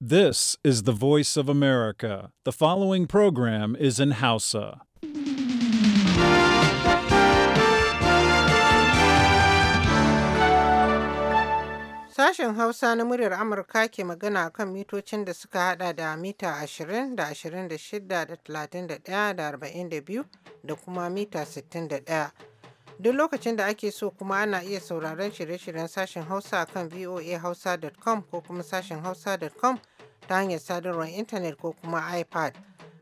This is the voice of America. The following program is in Hausa. Sashen Hausa na muryar Amurka ke magana kan mitocin da suka hada da mita 20 da 26 da 31 da 42 da kuma mita 61. Duk lokacin da ake so kuma ana iya sauraron shirye-shiryen sashen Hausa a kan voahausa.com ko kuma sashen hausa.com ta hanyar sadarwar intanet ko kuma iPad.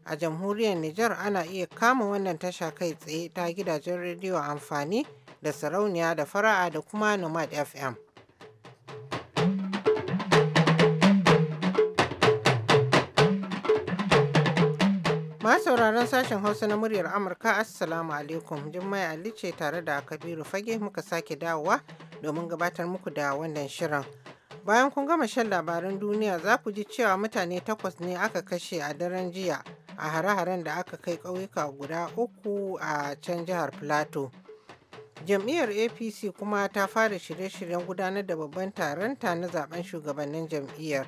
A jamhuriyar Nijar ana iya kama wannan tasha kai tsaye ta gidajen rediyo amfani da sarauniya da fara'a da kuma Nomad FM. Ma sauraron sashen Hausa na muryar Amurka Assalamu alaikum Jummai Ali ce tare da Kabiru Fage muka sake dawowa domin gabatar muku da wannan shirin. Bayan kun gama shan labaran duniya za ku ji cewa mutane takwas ne aka kashe a daren jiya a hare-haren da aka kai ƙauyuka guda uku a can jihar Plateau. Jam'iyyar APC kuma ta fara shirye-shiryen gudanar da babban taronta na zaben shugabannin jam'iyyar.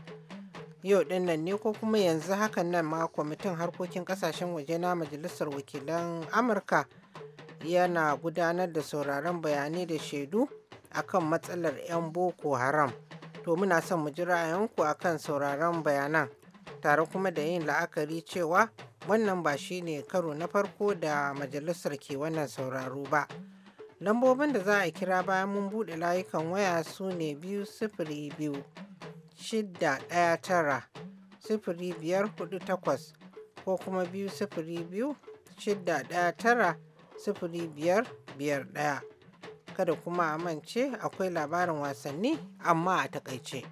yau dinnan ne ko kuma yanzu hakan nan ma kwamitin harkokin kasashen waje na majalisar wakilan amurka yana gudanar da sauraron bayanai da shaidu akan matsalar 'yan boko haram to muna son mu ji ra'ayinku akan sauraron bayanan tare kuma da yin la'akari cewa wannan ba shine karo na farko da majalisar ke wannan sauraro ba lambobin da za a kira bayan mun buɗe layukan waya su ne biyu sifiri biyu shidda ɗaya tara sifiri biyar hudu takwas ko kuma biyu sifiri biyu shidda ɗaya tara sifiri biyar biyar ɗaya. Kada kuma a mance akwai labarin wasanni amma a takaice.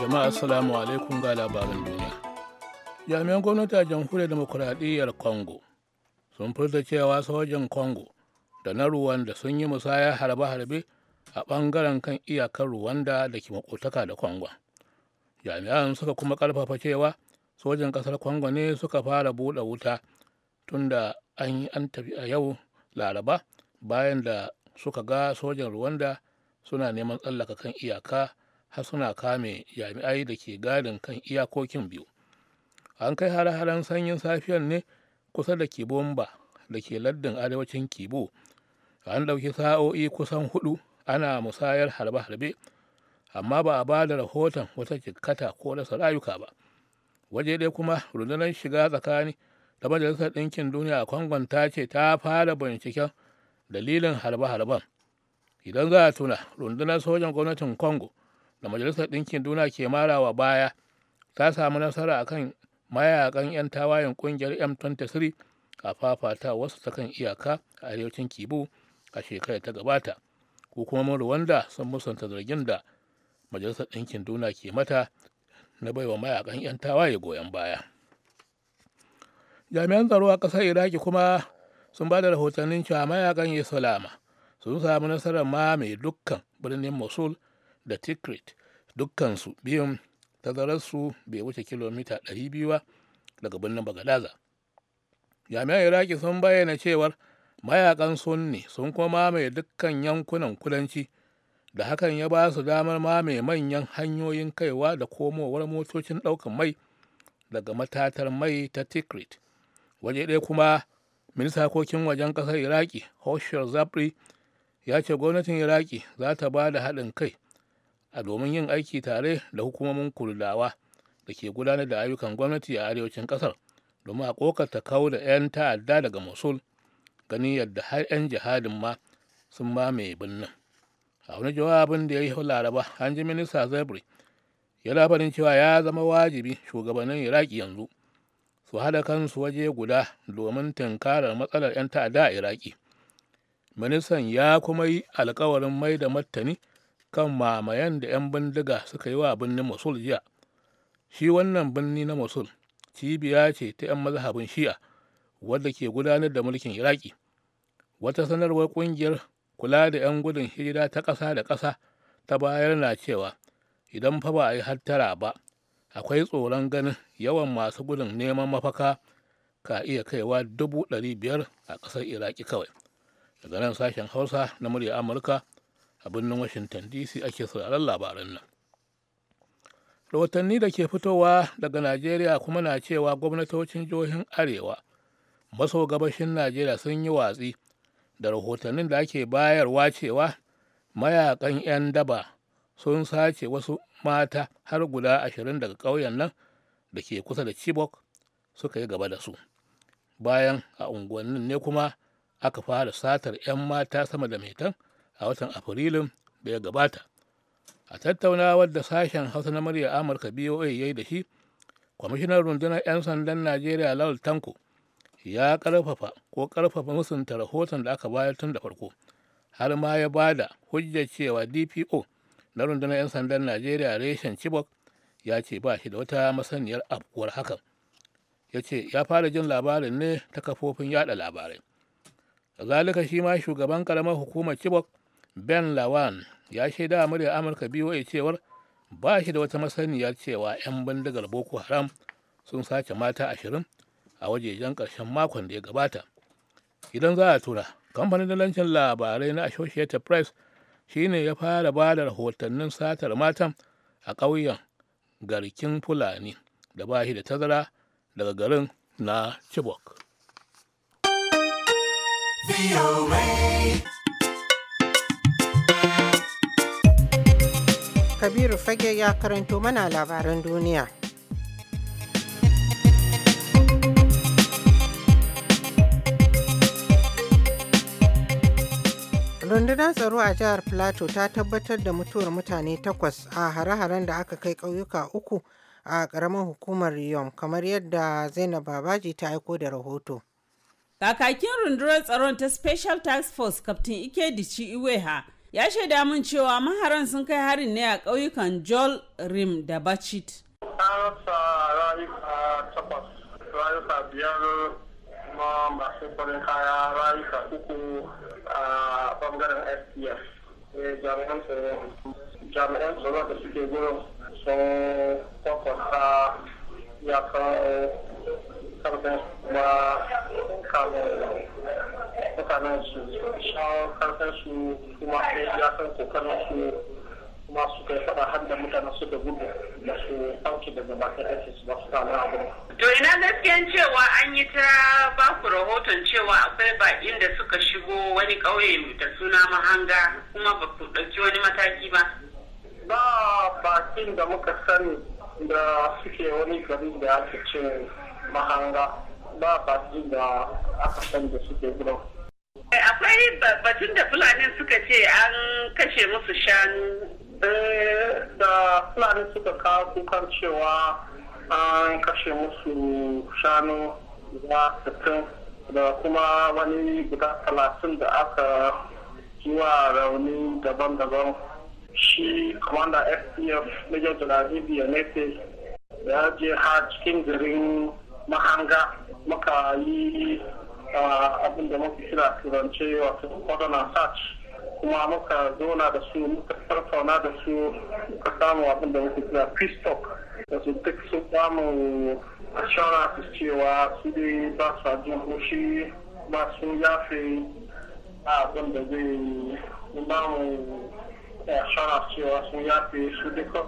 Jama'a Assalamu alaikum ga labarin duniya. Jami'an gwamnati a jamhuriyar demokuraɗiyyar Congo sun furta cewa sojin congo da na ruwanda sun yi musaya harbe-harbe a ɓangaren kan iyakar ruwanda da ke makotaka da congo jami'an suka kuma ƙarfafa cewa sojin ƙasar congo ne suka fara buɗe wuta tun da an yi an tafi a yau laraba bayan da suka ga sojin ruwanda suna neman tsallaka kan iyaka har suna kame jami'ai da ke gadin kan iyakokin biyu an kai hare-haren sanyin safiyar ne kusa da kibomba da ke laddin arewacin kibo an ɗauki sa'o'i kusan hudu ana musayar harbe-harbe amma ba a ba da rahoton wata jikkata ko rasa rayuka ba waje dai kuma rundunar shiga tsakani da majalisar ɗinkin duniya a kwangon ta ce ta fara binciken dalilin harbe-harben idan za a tuna rundunar sojan gwamnatin congo da majalisar ɗinkin duniya ke marawa baya ta samu nasara akan mayakan 'yan tawayen kungiyar m23 a fafata wasu ta kan iyaka a arewacin kibu a shekarar ta gabata ko hukumomin rwanda sun musanta zargin da majalisar ɗinkin duna ke mata na baiwa mayakan 'yan tawaye goyon baya jami'an tsaro a ƙasar iraki kuma sun ba da rahotannin cewa mayakan salama sun samu nasarar ma mai dukkan birnin mosul da tikrit dukkansu biyun tazararsu bai wuce kilomita 200 ba daga birnin bagadaza jami'an iraki sun bayyana cewar mayakan sunni sun kuma mamaye dukkan yankunan kudanci da hakan ya ba su damar mamaye manyan hanyoyin kaiwa da komowar motocin ɗaukan mai daga matatar mai ta tikrit waje ɗaya kuma minista harkokin wajen ƙasar iraki hoshiyar zabri ya ce gwamnatin iraki za ta ba da haɗin kai a domin yin aiki tare da hukumomin kurdawa da ke gudanar da ayyukan gwamnati a arewacin kasar domin a kokarta kawo da 'yan ta'adda daga mosul gani yadda har 'yan jihadin ma sun mamaye binnin. a wani jawabin da ya yi laraba an ji minista zabri ya labarin cewa ya zama wajibi shugabannin iraki yanzu su hada kansu waje guda domin tunkarar matsalar 'yan ta'adda a iraki ministan ya kuma yi alkawarin mai da martani kan mamayan da 'yan bindiga suka yi wa birnin mosul jiya shi wannan birni na mosul cibiya ce ta 'yan mazhabin shi'a wadda ke gudanar da mulkin iraki wata sanarwar kungiyar kula da 'yan gudun hijira ta ƙasa da ƙasa ta bayar na cewa idan fa ba a yi hattara ba akwai tsoron ganin yawan masu gudun neman mafaka ka iya kaiwa dubu ɗari biyar a ƙasar iraki kawai daga nan sashen hausa na murya amurka a birnin washington dc ake sauraron labaran nan rahotanni da ke fitowa daga najeriya kuma na cewa gwamnatocin jihohin arewa maso gabashin najeriya sun yi watsi da rahotannin da ake bayarwa cewa mayakan 'yan daba sun sace wasu mata har guda ashirin daga ƙauyen nan da ke kusa da chibok suka yi gaba da su bayan a unguwannin ne kuma aka fara satar 'yan mata sama da metan a watan afrilun da ya gabata a tattaunawar da sashen hausa na murya amurka boa ya yi da shi kwamishinan rundunar 'yan sandan najeriya lawal tanko ya karfafa ko karfafa musunta rahoton da aka bayar tun da farko har ma ya ba da hujjar cewa dpo na rundunar 'yan sandan najeriya reshen chibok ya ce ba shi da wata masaniyar afkuwar hakan ya ce ya fara jin labarin ne ta kafofin yada labarai zalika shi ma shugaban karamar hukumar chibok ben lawan ya shaida a murya amurka voa cewar ba shi da wata masaniyar cewa 'yan bindigar boko haram sun sace mata ashirin a wajejen ƙarshen makon da ya gabata idan za a tura kamfanin dalancin labarai na associated press shine ya fara ba da rahotannin satar matan a ƙauyen garkin fulani da ba shi da tazara daga garin na chibok. Kabiru Fage ya karanto mana labaran duniya. rundunar tsaro a jihar plateau ta tabbatar da mutuwar mutane takwas a hare-haren da aka kai ƙauyuka uku a ƙaramin hukumar yom kamar yadda zainab babaji ta aiko da rahoto kakakin rundunar tsaron ta special task force captain ikedici iweha ya shaida min cewa maharan sun kai harin ne a ƙauyukan jol rim da bacit rayuka biyar kuma masu farin kaya rayuka uku a bangaren sps eh, jami'an tsaro jami'an da suke gurin sun kwakwata ya kawo sannan kuma mutanen su shawo karfin su kuma ya san kokarin su kuma su kai faɗa har da mutanen su da gudu da su ɗauki da gabatar da su ba su kama abin. To ina gaskiyan cewa an yi ta ba ku rahoton cewa akwai baƙin da suka shigo wani ƙauye da suna mahanga kuma ba ku ɗauki wani mataki ba. Ba baƙin da muka sani da suke wani gari da ake ce mahanga ba basi da aka san da suke gidan. Eh, akwai batun da Fulani suka ce an kashe musu shanu. Eh, da Fulani suka kawo kukan cewa an kashe musu shanu ya sittin da kuma wani guda talatin da aka zuwa rauni daban-daban shi commander fpf major ibiya nefe ya je har cikin garin mahanga muka yi ah, abin da muka kira turance wato kwadana search kuma muka zona da su muka tattauna da su muka samu abin da muka kira peace da su duk sun samu assurance cewa su dai ba su jin hoshi ba su yafe abin da zai ba mu assurance cewa sun yafe su duka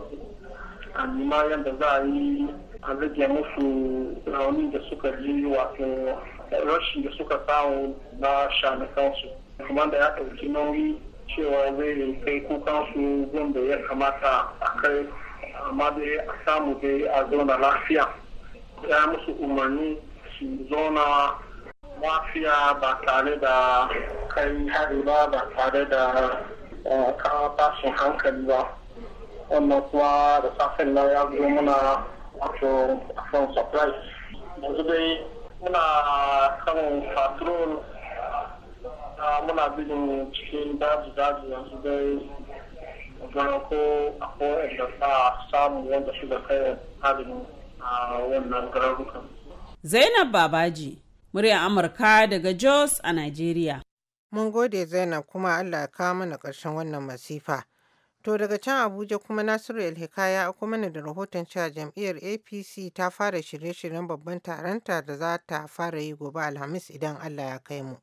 a yadda za a yi an rage musu raunin da suka ji wato rashin da suka samu na shanakansu kuma da ya ɗauki nauyi cewa zai kai su wanda ya kamata a kai amma dai a samu dai a zona lafiya ya musu umarni su zona lafiya ba tare da kai hari ba ba tare da eh, kawo tashin hankali ba wannan kuma da safin na ya zo muna wato kan supply yanzu dai muna kan patrol ah, muna bin cikin daji daji yanzu dai gano ko akwai da ta samu wanda su da kai halin a ah, wannan garuruka. Zainab Babaji, muryar Amurka daga Jos a Najeriya. Mun gode Zainab kuma Allah ya kawo mana ƙarshen wannan masifa. To daga can Abuja kuma Nasiru ya hikaya mana da rahoton cewa jam'iyyar APC ta fara shirye-shiryen babban taronta da za ta fara yi gobe Alhamis idan Allah ya kai mu.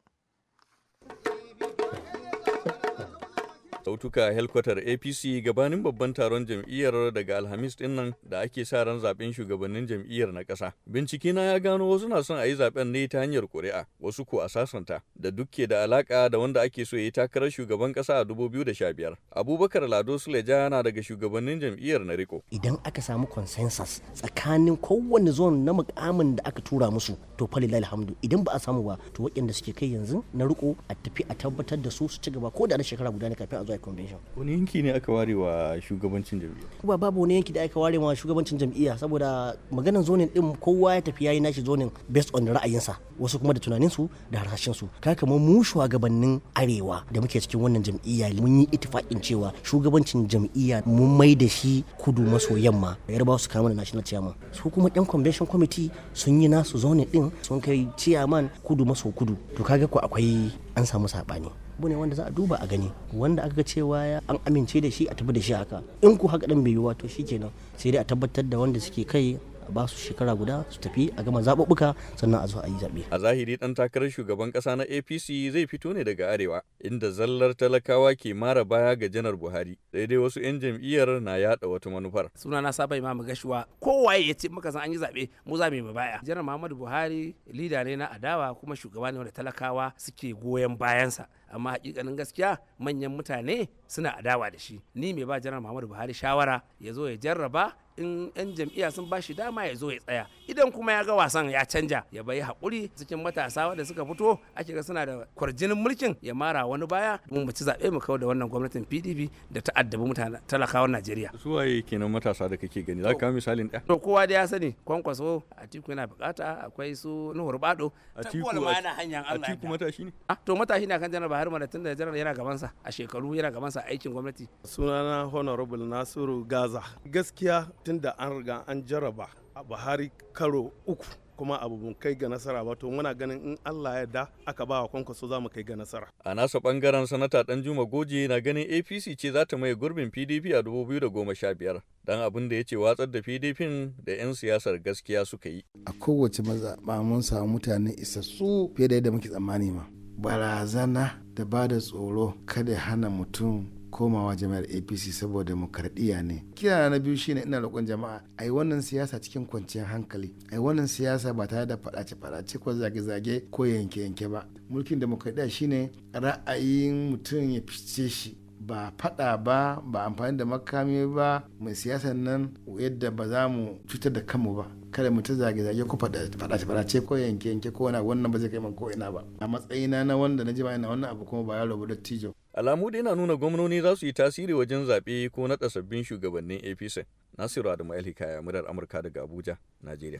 Sautuka helkwatar APC gabanin babban taron jam'iyyar daga Alhamis din da ake sa ran zaben shugabannin jam'iyyar na ƙasa. Bincike na ya gano wasu na son a yi zaben ne ta hanyar ƙuri'a, wasu ko a sasanta, da dukke da alaka da wanda ake so ya yi takarar shugaban ƙasa a 2015. Abubakar Lado Suleja na daga shugabannin jam'iyyar na riko. Idan aka samu consensus tsakanin kowanne zon na mukamin da aka tura musu to falilai alhamdu idan ba a samu ba to waɗanda suke kai yanzu na riko a tafi a tabbatar da su su ci gaba ko da na shekara guda ne kafin a by convention wani yanki ne aka ware wa shugabancin jam'iyya ba babu wani yanki da aka ware wa shugabancin jam'iyya saboda maganan zonin din kowa ya tafi yayi nashi zonin based on ra'ayinsa wasu kuma da tunaninsu da harshen su ka kamar mu shugabannin arewa da muke cikin wannan jam'iyya mun yi itifakin cewa shugabancin jam'iyya mun mai da shi kudu maso yamma yarbawa su kama da national chairman su kuma yan convention committee sun yi nasu zonin din sun kai chairman kudu maso kudu to kaga ko akwai an samu saɓani abu ne wanda za a duba a gani wanda aka cewa an amince da shi a tafi da shi haka in ku haka dan bai yiwa to kenan sai dai a tabbatar da wanda suke kai ba su shekara guda su tafi a gama zaɓuɓɓuka sannan a zo a yi zaɓe. A zahiri ɗan takarar shugaban ƙasa na APC zai fito ne daga Arewa inda zallar talakawa ke mara baya ga janar Buhari dai wasu 'yan jam'iyyar na yaɗa wata manufar. Suna na saba mu gashuwa kowaye ya ce maka san an yi zaɓe mu za mu yi baya. Janar Muhammadu Buhari lida ne na adawa kuma shugaba ne wanda talakawa suke goyon bayansa. amma hakikanin gaskiya manyan mutane suna adawa da shi ni mai ba janar muhammadu buhari shawara ya zo ya jarraba in 'yan jam'iyya sun ba shi dama ya zo ya tsaya idan kuma ya ga wasan ya canja ya bayi haƙuri cikin matasa wanda suka fito ake ga suna da kwarjinin mulkin ya mara wani baya mun bace ci zaɓe mu kawo da wannan gwamnatin PDP da ta addabi mutane talakawan Najeriya. Su waye kenan matasa da kake gani za ka kawo misalin ɗaya. To kowa da ya sani kwankwaso a tiku yana bukata akwai su Nuhur Bado. a yana hanyar Allah. tiku matashi ne. Ah to matashi ne kan janar Bahar Mada tun da janar yana gabansa a shekaru yana gabansa aikin gwamnati. Sunana Honorable Nasiru Gaza. Gaskiya da an riga an jaraba a buhari karo uku kuma abu kai ga nasara ba to muna ganin in Allah ya da aka ba wa kwankwaso za mu kai ga nasara. A nasa bangaren sanata juma Goje na ganin APC ce za ta maye gurbin PDP a 2015 dan abin da ya ce watsar da PDP da 'yan siyasar gaskiya suka yi. A kowace mazaɓa mun samu mutane isassu fiye da yadda muke tsammani ma. Barazana da ba da tsoro kada hana mutum komawa jami'ar apc saboda demokarɗiyya ne kira na biyu shine ina roƙon jama'a a yi wannan siyasa cikin kwanciyar hankali a yi wannan siyasa ba tare da faɗace faɗace ko zage-zage ko yanke-yanke ba mulkin demokarɗiyya shine ra'ayin mutum ya fice shi ba faɗa ba ba amfani da makami ba mai siyasar nan yadda ba za mu cutar da kanmu ba kada mu ta zage-zage ko faɗace faɗace ko yanke-yanke ko wani wannan ba zai kai man ko ina ba a matsayina na wanda na ji na wannan abu kuma ba yaro ba dattijo Alamu da na nuna gwamnoni za su yi tasiri wajen zaɓe ko naɗa sabbin shugabannin APC. Nasiru Adamu Hikaya, murar Amurka daga Abuja, Najeriya.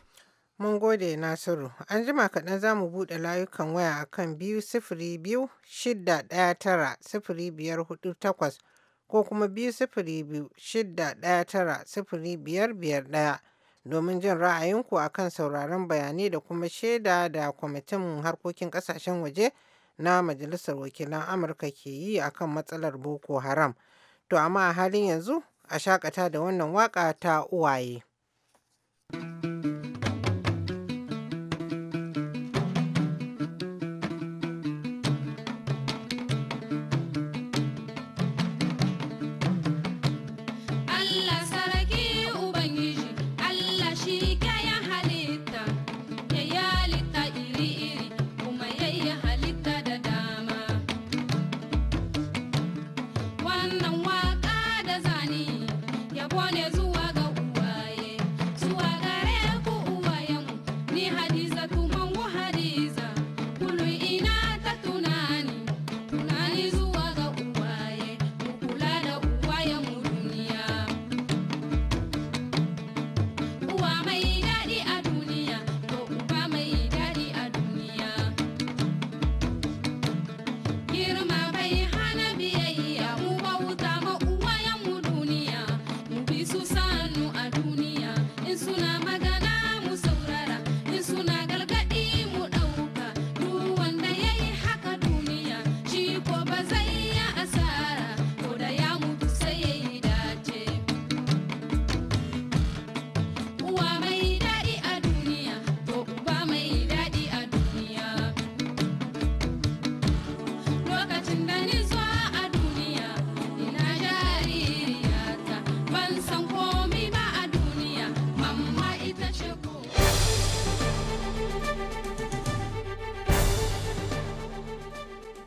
Mun gode Nasiru. An jima kaɗan za mu buɗe layukan waya a kan biyu sifiri biyu shidda ɗaya tara sifiri biyar hudu takwas ko kuma biyu sifiri biyu shidda ɗaya tara sifiri biyar biyar ɗaya domin jin ra'ayinku akan kan sauraron bayanai da kuma shaida da kwamitin harkokin ƙasashen waje na Majalisar Wakilan Amurka ke yi akan matsalar Boko Haram. To amma a halin yanzu a shakata da wannan waka ta uwaye. thank you one is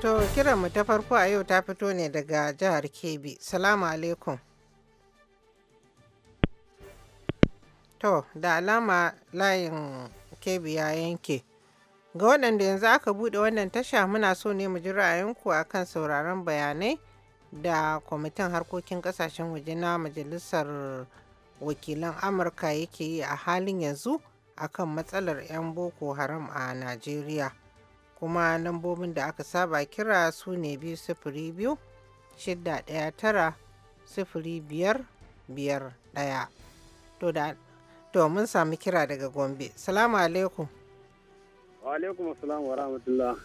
To kiranmu ta farko a yau ta fito ne daga jihar Kebbi. Salamu alaikum. To da alama layin Kebbi ya yanke. Ga waɗanda yanzu aka buɗe wannan tasha muna so ne mu ji ra'ayinku a kan sauraron bayanai da kwamitin harkokin ƙasashen waje na majalisar wakilan Amurka yake yi a halin yanzu akan matsalar 'yan boko haram a Najeriya. kuma lambobin da aka saba kira su ne biyu sifiri biyu shidda ɗaya tara sifiri biyar biyar ɗaya to mun sami kira daga gombe salamu alaikum wa alaikum assalam wa rahmatullah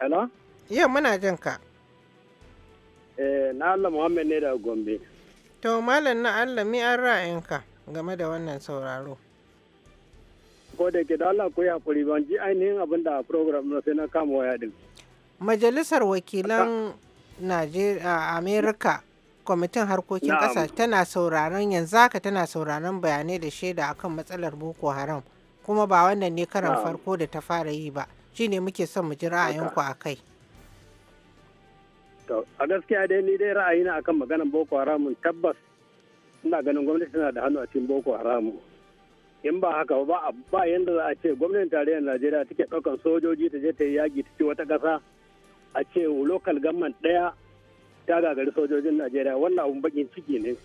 ala yau muna jin ka eh na Allah Muhammad ne daga gombe to malam na Allah mi an ra'ayinka game da wannan sauraro ko da ke da Allah ko ya kuri ban ji ainihin abin da program na sai na kama waya din majalisar wakilan Najeriya Amerika kwamitin harkokin ƙasa tana sauraron yanzu haka tana sauraron bayanai da shaida akan matsalar Boko Haram kuma ba wannan ne karan farko da ta fara yi ba ne muke son mu ji ra'ayinku a kai. a gaskiya dai ni dai ra'ayina akan maganar Boko Haram tabbas ina ganin gwamnati tana da hannu a cikin Boko Haram. in ba haka ba ba yanda za a ce gwamnatin tarayyar najeriya take ɗaukan sojoji ta je ta yi yaƙi ta ci wata ƙasa a ce local government ɗaya ta gagari sojojin najeriya wannan abun bakin ciki ne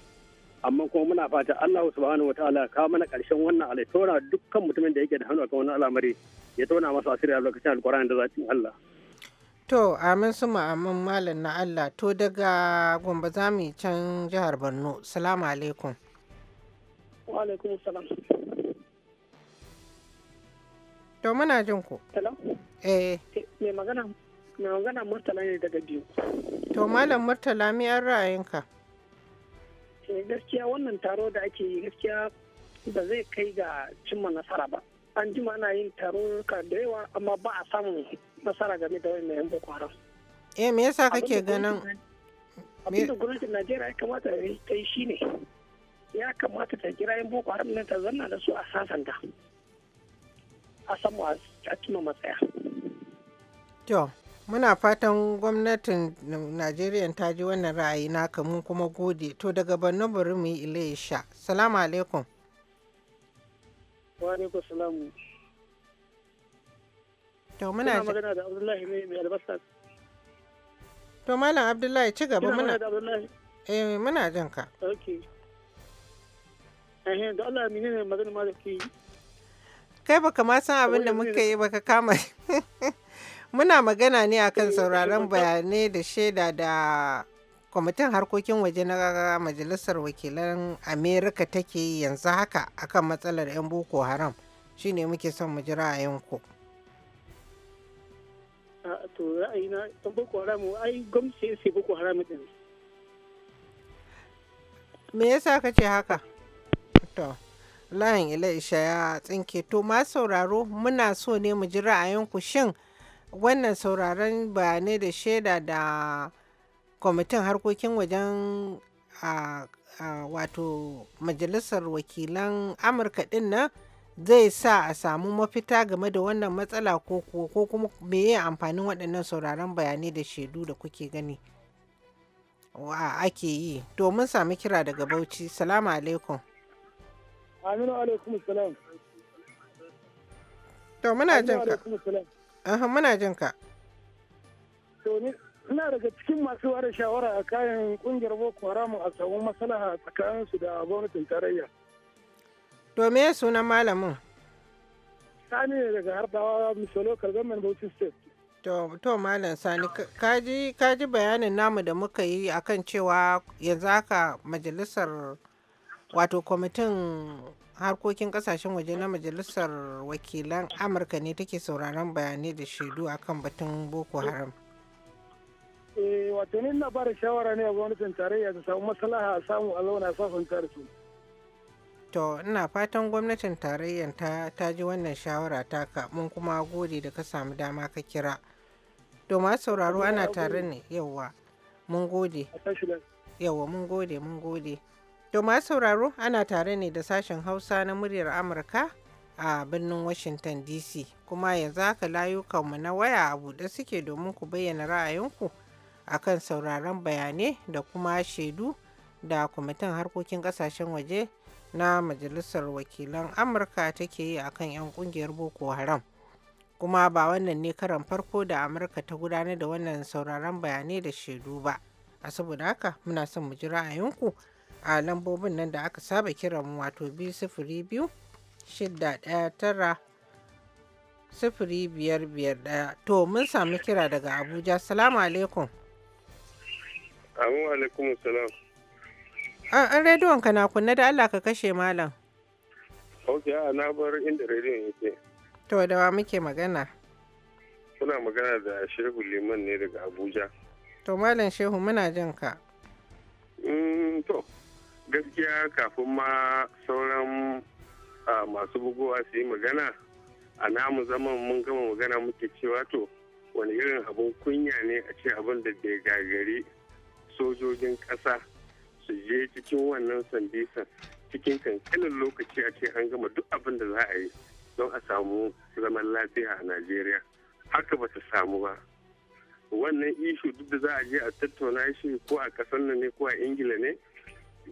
amma kuma muna fata allah subhanahu wa ta'ala ka mana ƙarshen wannan alaitona dukkan mutumin da yake da hannu a kan wannan al'amari ya tona masa asiri a lokacin alkur'ani da zacin allah To, amin su amin malam na Allah, to daga Gombe za mu can jihar Borno. Salamu alaikum. Wa alaikum salam. To muna jin ku. Eh. eh me magana? Me magana Murtala ne daga biyu. To Malam Murtala me an ra'ayinka? Eh, gaskiya wannan taro da ake yi gaskiya ba zai kai ga cimma nasara ba. An jima ana yin taro ka da yawa amma ba a samun nasara game da wani mayan Boko Haram. Eh me yasa kake ganin? Abinda gwamnatin Najeriya ya kamata ta yi shi ne. ya kamata ta kira yan Boko Haram ne ta zanna da su a sasanta. a samu a cimma matsaya. To, muna fatan gwamnatin Najeriya ta ji wannan ra'ayi naka mun kuma gode. To daga Borno bari mu yi sha Salamu alaikum. Wa alaikum salamu. To muna magana da Abdullahi ne mai albasa. To Malam Abdullahi ci gaba muna. Eh muna jinka. Ok. Okay. Eh da Allah menene magana ma da ke Kai baka ma san abin da muka yi baka kama. Muna magana ne akan eh, sauraron bayanai da shaida da kwamitin harkokin waje na majalisar wakilan Amerika take yi yanzu haka akan matsalar 'yan Boko Haram. Shine muke son mu ji ra'ayinku. To Me yasa kace haka? To. layin ilaisha ya tsinke to ma sauraro muna so ne mu ji ra'ayinku shin wannan sauraron bayanai da shaida da kwamitin harkokin wajen wato majalisar wakilan amurka din nan zai sa a samu mafita game da wannan matsala ko kuma me yi amfanin waɗannan sauraron bayanai da shaidu da kuke gani wa ake yi domin sami kira daga bauchi salamu alaikum Aminu alaikum salam. To muna jin ka. Aha muna jin ka. To ni ina daga cikin masu ware shawara a kayan kungiyar Boko Haram a samu maslaha tsakanin su da gwamnatin tarayya. To me sunan malamin? Sani ne daga Hardawa Misolo Kalgaman Bauchi State. To, to Malam Sani, kaji, kaji bayanin namu da muka yi akan cewa yanzu haka majalisar wato kwamitin harkokin kasashen waje na majalisar wakilan amurka ne take sauraron bayanai da shaidu a kan batun boko haram eh, wato na ba da shawara ne a gwamnatin tarayya ta samu maslaha a samu a zauna safin da su to ina fatan gwamnatin tarayyar ta ji wannan shawara taka mun kuma gode da ka samu dama ka kira to ma sauraro ana tare ne yawa mun gode yawa mun gode mun gode Domin sauraro ana tare ne da sashen Hausa na muryar Amurka a birnin Washington DC kuma yanzu haka layukanmu na waya a buɗe suke domin ku bayyana ra'ayinku akan sauraron bayanai da kuma shaidu da kwamitin harkokin ƙasashen waje na Majalisar Wakilan Amurka take yi akan 'yan ƙungiyar Boko Haram. Kuma ba wannan ne karan farko da Amurka ta gudanar da wannan sauraron bayanai da shaidu ba. A saboda haka muna son mu ji ra'ayinku. a lambobin nan da aka saba mu wato biyu sifiri biyu shidda ɗaya tara sifiri biyar biyar ɗaya to mun sami kira daga abuja salamu alaikum amu alaikum salam ah, an rediyon ka na kunna da allah ka kashe malam ok a na bar inda rediyon yake to da wa muke magana kuna magana da shehu liman ne daga abuja to malam shehu muna jin ka gaskiya kafin ma sauran masu bugowa su yi magana a namu zaman mun gama magana muke cewa to wani irin abin kunya ne a ce abin da bai gagari sojojin ƙasa su je cikin wannan sandisan cikin kankanin lokaci a ce an gama duk abin da za a yi don a samu zaman lafiya a najeriya haka ba ta samu ba wannan ishu duk da za a je a tattauna shi ko a ƙasar ne ko a ingila ne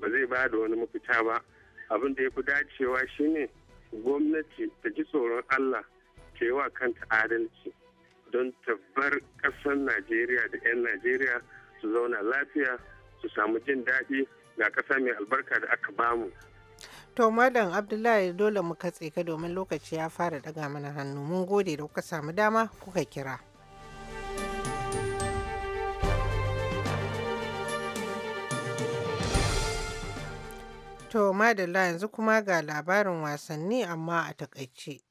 ba zai ba da wani mafita ba abin da ya fi dacewa shine gwamnati ta ji tsoron allah cewa kanta adalci don tabbar ƙasar najeriya da 'yan najeriya su zauna lafiya su samu jin daɗi ga ƙasa mai albarka da aka bamu to malam abdullahi dole mu katse ka domin lokaci ya fara daga mana hannu mun gode da kuka samu dama kuka kira To madalla yanzu kuma ga labarin wasanni amma a takaice.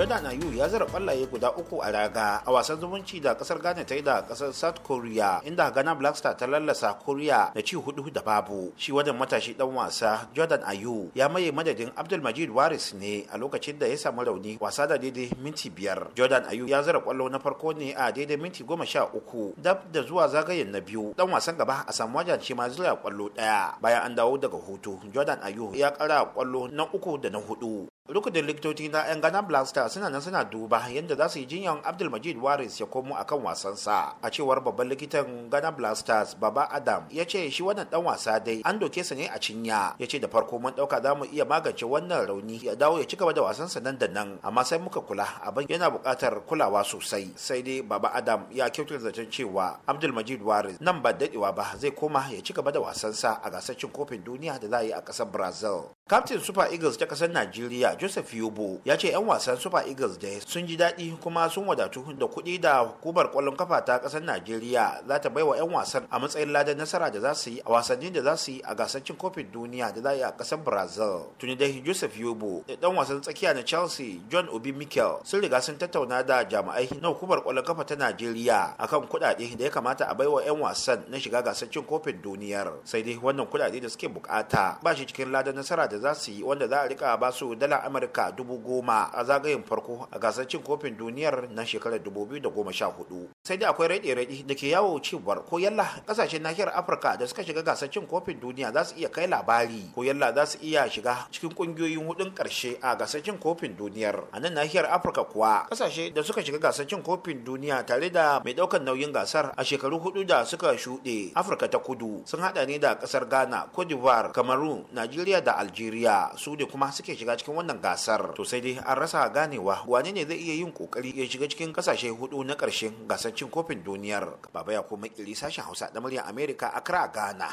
jordan ayu ya zara kwallaye guda uku a raga a wasan zumunci da kasar ghana ta yi da kasar south korea inda ghana black star ta lallasa korea da ci hudu da babu shi wadan matashi dan wasa jordan ayu ya maye madadin abdul majid waris ne a lokacin da ya samu rauni wasa da daidai minti biyar jordan ayu ya zara kwallo na farko ne a daidai minti goma sha uku dab da zuwa zagayen na biyu dan wasan gaba a samu wajen shi ma zira kwallo daya bayan an dawo daga hutu jordan ayu ya kara kwallo na uku da na hudu rukunin likitoci na yan ghana black star. suna nan suna duba yadda za su yi jinyan abdulmajid waris ya komo a kan wasansa a cewar babban likitan ghana blasters baba adam ya ce shi wannan dan wasa dai an doke sa ne a cinya ya ce da farko mun dauka za mu iya magance wannan rauni ya dawo ya ci gaba da wasansa nan da nan amma sai muka kula abin yana buƙatar kulawa sosai sai dai baba adam ya kyautar zaton cewa abdulmajid waris nan ba dadewa ba zai koma ya ci gaba da wasansa a gasar cin kofin duniya da za a yi a ƙasar brazil Captain Super Eagles ta kasar Najeriya Joseph Yobo ya ce 'yan wasan Super Eagles da sun ji daɗi kuma sun wadatu da kuɗi da hukumar ƙwallon kafa ta kasar Najeriya za ta baiwa 'yan wasan a matsayin ladan nasara da za su yi a wasannin da za su yi a gasar cin kofin duniya da za yi a kasar Brazil. Tuni dai Joseph Yobo da ɗan wasan tsakiya na Chelsea John Obi Mikel sun riga sun tattauna da jami'ai na hukumar ƙwallon kafa ta Najeriya akan kuɗaɗe da ya kamata a baiwa 'yan wasan na shiga gasar cin kofin duniyar. Sai dai wannan kuɗaɗe da suke bukata ba shi cikin ladan nasara da za su yi wanda za a rika ba su dala amurka dubu goma a zagayen farko a gasar cin kofin duniyar na shekarar hudu. sai dai akwai raɗe-raɗe da ke yawo cewar ko yalla kasashen nahiyar afirka da suka shiga gasar cin kofin duniya za su iya kai labari ko yalla za su iya shiga cikin kungiyoyin hudun karshe a gasar cin kofin duniyar a nan nahiyar afirka kuwa kasashe da suka shiga gasar cin kofin duniya tare da mai daukan nauyin gasar a shekaru hudu da suka shuɗe afirka ta kudu sun hada ne da kasar ghana cote d'ivoire cameroon nigeria da algeria najeriya su da kuma suke shiga cikin wannan gasar to sai dai an rasa ganewa wane ne zai iya yin kokari ya shiga cikin kasashe hudu na karshen gasar cin kofin duniyar baba ya kuma kiri sashen hausa da murya america accra gana.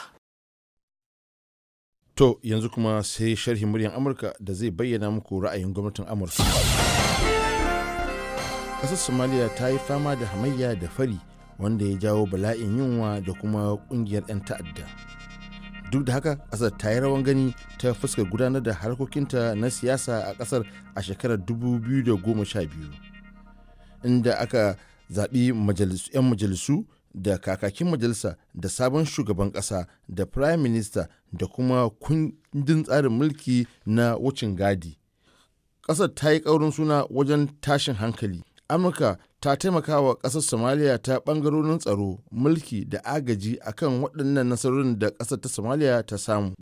to yanzu kuma sai sharhin muryan amurka da zai bayyana muku ra'ayin gwamnatin amurka ƙasar somaliya ta yi fama da hamayya da fari wanda ya jawo bala'in yunwa da kuma ƙungiyar 'yan ta'adda duk da haka ƙasar ta yi rawan gani ta fuskar gudanar da harkokinta na siyasa a ƙasar a shekarar 2012 inda aka zaɓi 'yan majalisu da kakakin majalisa da sabon shugaban ƙasa da prime minister da kuma kundin tsarin mulki na wucin gadi ƙasar ta yi ƙaurin suna wajen tashin hankali amurka ta taimaka wa ƙasar somaliya ta ɓangarorin tsaro mulki da agaji akan waɗannan nasarorin da ƙasar ta somaliya ta samu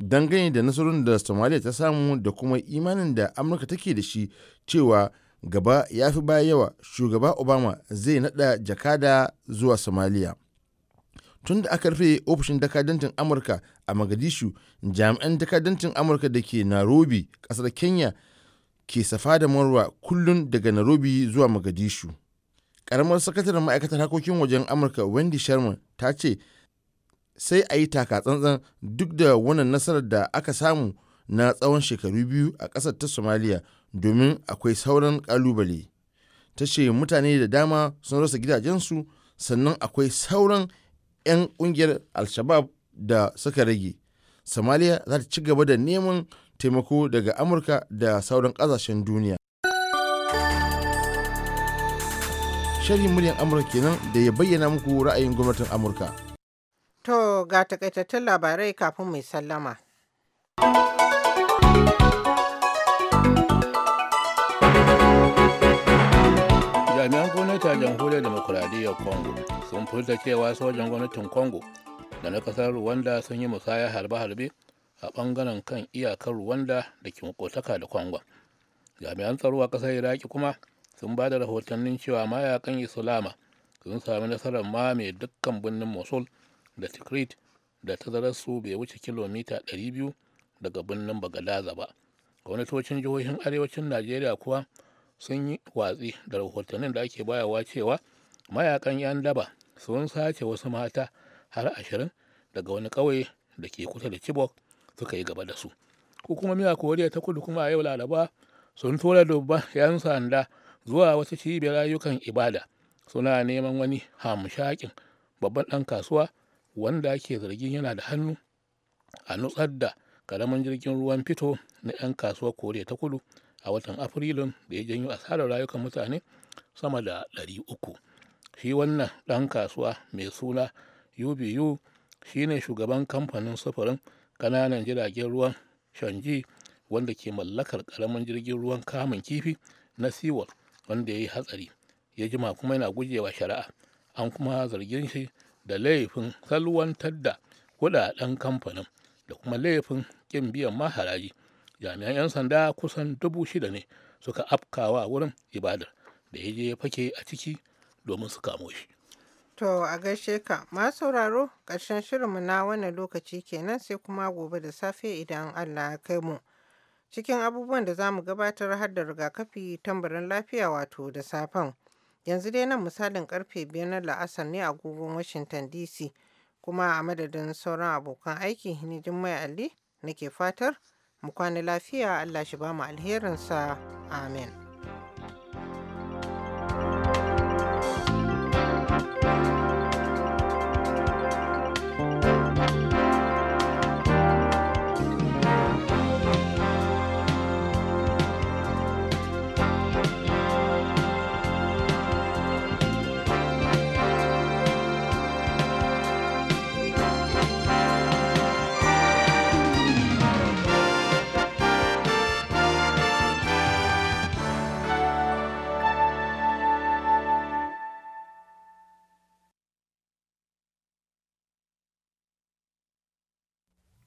dangane da nasarorin da somaliya ta samu da kuma imanin da amurka take da shi cewa gaba ya fi baya yawa shugaba obama zai naɗa jakada zuwa somaliya tun da aka rufe ofishin dakadantin amurka a magadishu jami'an dakadantin amurka da ke narobi ƙasar kenya ke safa da marwa kullum daga Nairobi zuwa magadishu. Karamar sakataren ma'aikatar harkokin wajen Amurka Wendy Sherman ta ce sai a yi taka tsantsan duk da wannan nasarar da aka samu na tsawon shekaru biyu a ƙasar ta Somalia domin akwai sauran ƙalubale. Ta ce mutane da dama sun rasa gidajensu sannan akwai sauran 'yan ƙungiyar alshabab da suka rage. Somalia za ta ci gaba da neman taimako daga amurka da sauran ƙasashen duniya sharhin muryar amurka kenan da ya bayyana muku ra'ayin gwamnatin amurka to ga takaitattun labarai kafin mai sallama jami'an gwamnati a jamhuriyar demokuraɗiyyar congo sun furta cewa sojan gwamnatin congo da na ƙasar rwanda sun yi musayar harbe-harbe a ɓangaren kan iyakar Rwanda da ke makotaka da Kwangon. Jami'an tsaro a ƙasar Iraki kuma sun ba da rahotannin cewa mayakan Islama sun sami nasarar mame dukkan birnin Mosul da Tikrit da tazararsu bai wuce kilomita 200 daga birnin bagalaza ba. Gwamnatocin jihohin arewacin Najeriya kuwa sun yi watsi da rahotannin da ake bayarwa cewa mayakan 'yan daba sun sace wasu mata har ashirin daga wani ƙauye da ke kusa da Chibok suka yi gaba da su miya a koriya ta kudu kuma a yau laraba sun tura dubban 'yan sanda zuwa wata cibiyar ayyukan ibada suna neman wani hamshakin babban ɗan kasuwa wanda ke zargin yana da hannu a nutsar da karamin jirgin ruwan fito na 'yan kasuwar koriya ta kudu a watan afrilun da ya janyo asarar rayukan mutane sama da 300 shi wannan ɗan kasuwa mai suna ubu shine shugaban kamfanin sufurin ƙananan jiragen ruwan shanji wanda ke mallakar ƙaramin jirgin ruwan kamun kifi na seaworld wanda ya yi hatsari ya jima kuma yana gujewa shari'a an kuma zargin shi da laifin salwantar da kudaden kamfanin da kuma laifin kin biyan maharaji jami'an 'yan sanda kusan dubu shida ne suka afkawa wurin ibadar da ya je ya fake a ciki domin su kamo shi To a gaishe ka, ma sauraro ƙarshen shirinmu na wannan lokaci kenan sai kuma gobe da safe idan Allah ya kai mu. Cikin abubuwan da za mu gabatar har da rigakafi tambarin lafiya wato da safen. Yanzu dai nan misalin karfe biyar na la'asar ne a agogon Washington DC kuma a madadin sauran abokan aiki ni Jummai Ali nake fatar mu kwana lafiya Allah shi ba mu alherinsa. Amen.